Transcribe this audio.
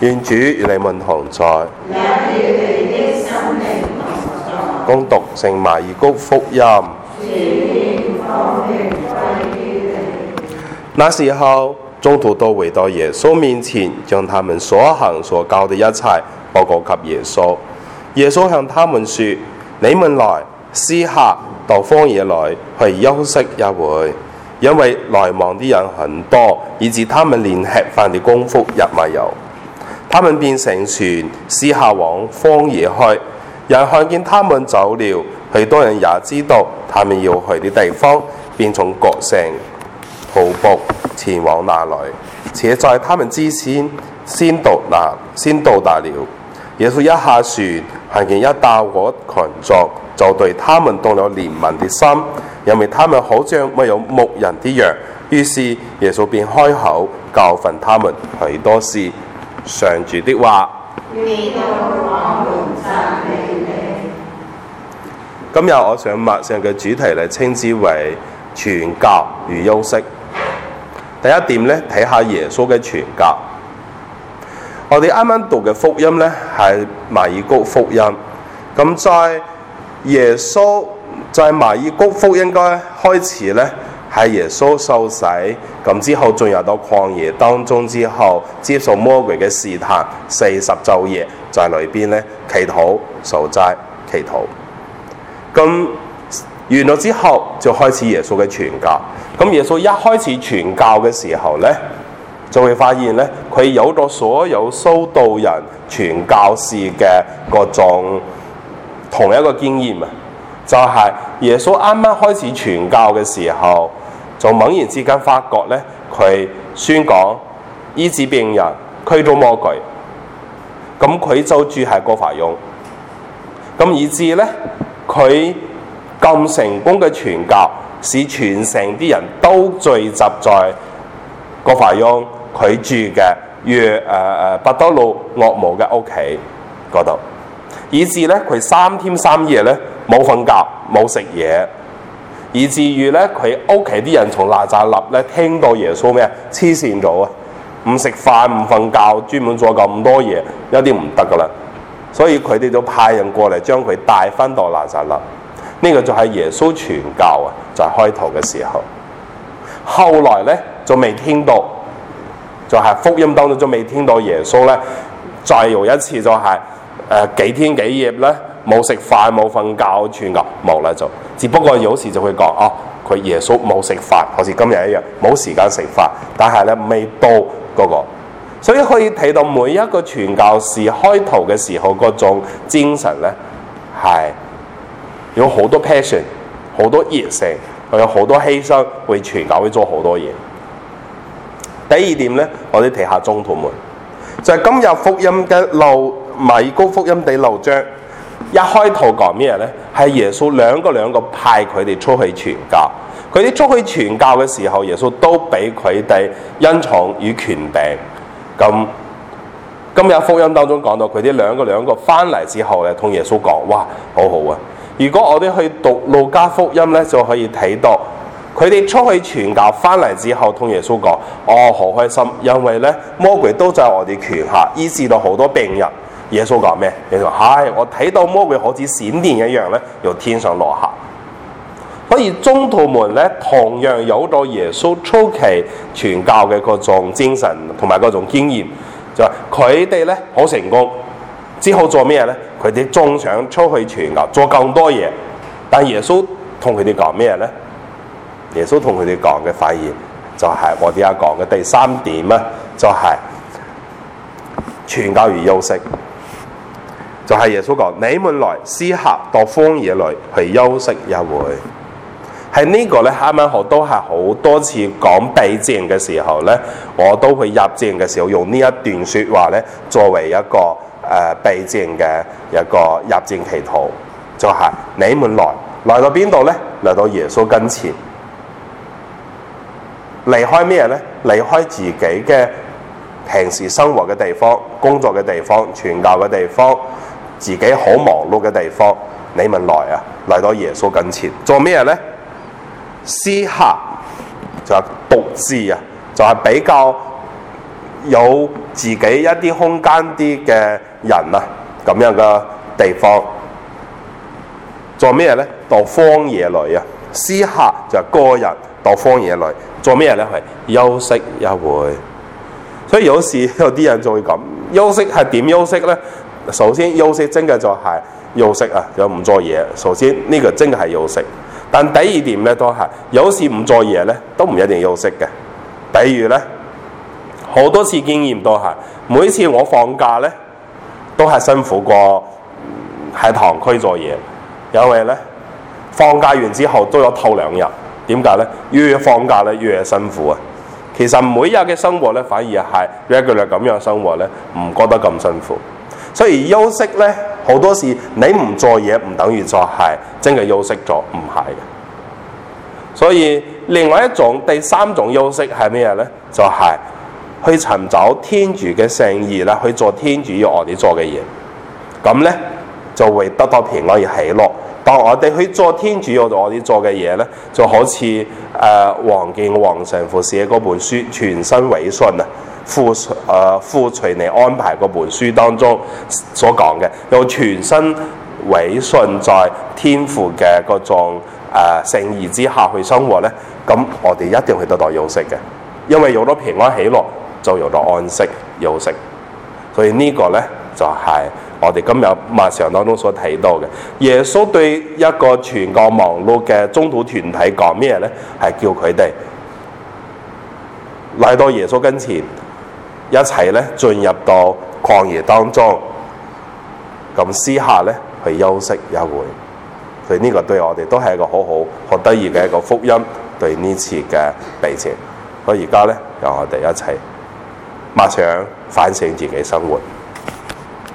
願主與你們同在。領起你的心靈同在。恭讀聖馬爾谷福音。那時候，宗徒都回到耶穌面前，將他們所行所教的一切報告給耶穌。耶穌向他們説：你們來私下到荒野裏去休息一會，因為來往的人很多，以至他們連吃飯的功夫也沒有。他們便乘船，私下往荒野去。人看見他們走了，許多人也知道他們要去的地方，便從各城徒步前往那裡。且在他們之前，先到那先到達了。耶穌一下船，看見一大夥群眾，就對他們動了憐憫的心，因為他們好像沒有牧人的羊。於是耶穌便開口教訓他們許多事。常住的話，今日我想默想嘅主題嚟，稱之為傳教與休息。第一點咧，睇下耶穌嘅傳教。我哋啱啱讀嘅福音咧係馬爾谷福音，咁在耶穌在馬爾谷福音應該開始咧。係耶穌受洗，咁之後進入到曠野當中之後，接受魔鬼嘅試探，四十晝夜就喺裏邊咧祈禱受齋祈禱。咁完咗之後，就開始耶穌嘅傳教。咁耶穌一開始傳教嘅時候咧，就會發現咧，佢有咗所有修道人傳教士嘅嗰種同一個經驗啊，就係、是、耶穌啱啱開始傳教嘅時候。就猛然之間發覺呢，佢宣講、醫治病人、驅逐魔鬼，咁佢就住喺葛法翁，咁以至呢，佢咁成功嘅傳教，使全城啲人都聚集在葛法翁佢住嘅約誒誒伯多祿岳母嘅屋企嗰度，以至呢，佢三天三夜呢冇瞓覺冇食嘢。以至於咧，佢屋企啲人從納匝肋咧聽到耶穌咩啊？黐線咗啊！唔食飯唔瞓覺，專門做咁多嘢，有啲唔得噶啦。所以佢哋就派人過嚟將佢帶翻到納匝肋。呢、這個就係耶穌傳教啊，就係、是、開頭嘅時候。後來咧就未聽到，就係、是、福音當中就未聽到耶穌咧。再用一次就係、是、誒、呃、幾天幾夜咧。冇食飯冇瞓覺，全個冇嚟就只不過有時就會講哦，佢耶穌冇食飯，好似今日一樣冇時間食飯。但係咧未到嗰個，所以可以睇到每一個傳教士開頭嘅時候嗰種精神咧，係有好多 passion，好多熱誠，佢有好多犧牲，為傳教會做好多嘢。第二點咧，我哋睇下宗徒們就係今日福音嘅路米高福音第六章。一開頭講咩咧？係耶穌兩個兩個派佢哋出去傳教，佢哋出去傳教嘅時候，耶穌都俾佢哋恩寵與權柄。咁今日福音當中講到，佢哋兩個兩個翻嚟之後咧，同耶穌講：，哇，好好啊！如果我哋去讀路加福音咧，就可以睇到佢哋出去傳教翻嚟之後，同耶穌講：，哦，好開心，因為咧魔鬼都就係我哋權下，醫治到好多病人。耶穌講咩？耶穌：，係、哎、我睇到魔鬼好似閃電一樣咧，由天上落下。所以宗徒們咧，同樣有咗耶穌初期傳教嘅嗰種精神同埋嗰種經驗，就係佢哋咧好成功。之後做咩咧？佢哋仲想出去傳教，做更多嘢。但耶穌同佢哋講咩咧？耶穌同佢哋講嘅發、就是、現就係我哋而家講嘅第三點啊，就係、是、傳教與休息。就係耶穌講：你們來，私下、到荒野來，去休息一會。喺呢個咧，啱啱好，都係好多次講避靜嘅時候咧，我都去入靜嘅時候，用呢一段説話咧，作為一個誒避靜嘅一個入靜祈禱。就係、是、你們來，來到邊度咧？來到耶穌跟前，離開咩咧？離開自己嘅平時生活嘅地方、工作嘅地方、傳教嘅地方。自己好忙碌嘅地方，你們來啊，嚟到耶穌跟前做咩咧？私客就係獨自啊，就係、是、比較有自己一啲空間啲嘅人啊，咁樣嘅地方做咩咧？到荒野裏啊，私客就係個人到荒野裏做咩咧？係休息一會，所以有時有啲人仲會咁休息係點休息咧？首先休息真嘅就係休息啊，有唔做嘢。首先呢、這個真係休息，但第二點咧都係有時唔做嘢咧都唔一定休息嘅。比如咧好多次經驗都係，每次我放假咧都係辛苦過，喺堂區做嘢，因為咧放假完之後都有透兩日。點解咧？越放假咧越辛苦啊。其實每日嘅生活咧反而係 regular 咁樣生活咧，唔覺得咁辛苦。所以休息咧，好多時你事你唔做嘢唔等於就係真嘅休息咗，唔係嘅。所以另外一種第三種休息係咩咧？就係、是、去尋找天主嘅聖意啦，去做天主要我哋做嘅嘢。咁咧就為得到平安而喜樂。當我哋去做天主要我哋做嘅嘢咧，就好似誒、呃、王健王神父寫嗰本書《全身委順》。啊。付隨，誒付隨你安排嗰本書當中所講嘅，用全身委順在天父嘅嗰種誒聖意之下去生活咧，咁我哋一定去得到休息嘅，因為有咗平安喜樂，就有咗安息、休息。所以個呢個咧就係、是、我哋今日默想當中所提到嘅。耶穌對一個全個忙碌嘅宗徒團體講咩咧？係叫佢哋嚟到耶穌跟前。一齊咧進入到曠野當中，咁私下去休息一會，所以呢個對我哋都係一個好好、好得意嘅一個福音，對呢次嘅避靜所以現在呢次嘅避靜。我而家咧由我哋一齊默想反省自己生活。